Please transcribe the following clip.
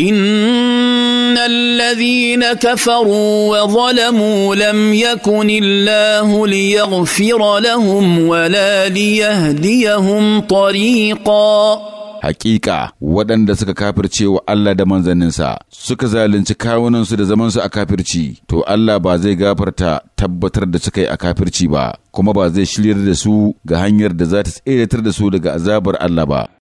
ان الذين كفروا وظلموا لم يكن الله ليغفر لهم ولا ليهديهم طريقا Hakika waɗanda suka kafirce wa Allah da manzanninsa suka zalunci kawunansu da zamansu a kafirci, to Allah ba zai gafarta tabbatar da suka yi a kafirci ba, kuma ba zai shiryar da su ga hanyar da za ta tseratar da su daga azabar Allah ba.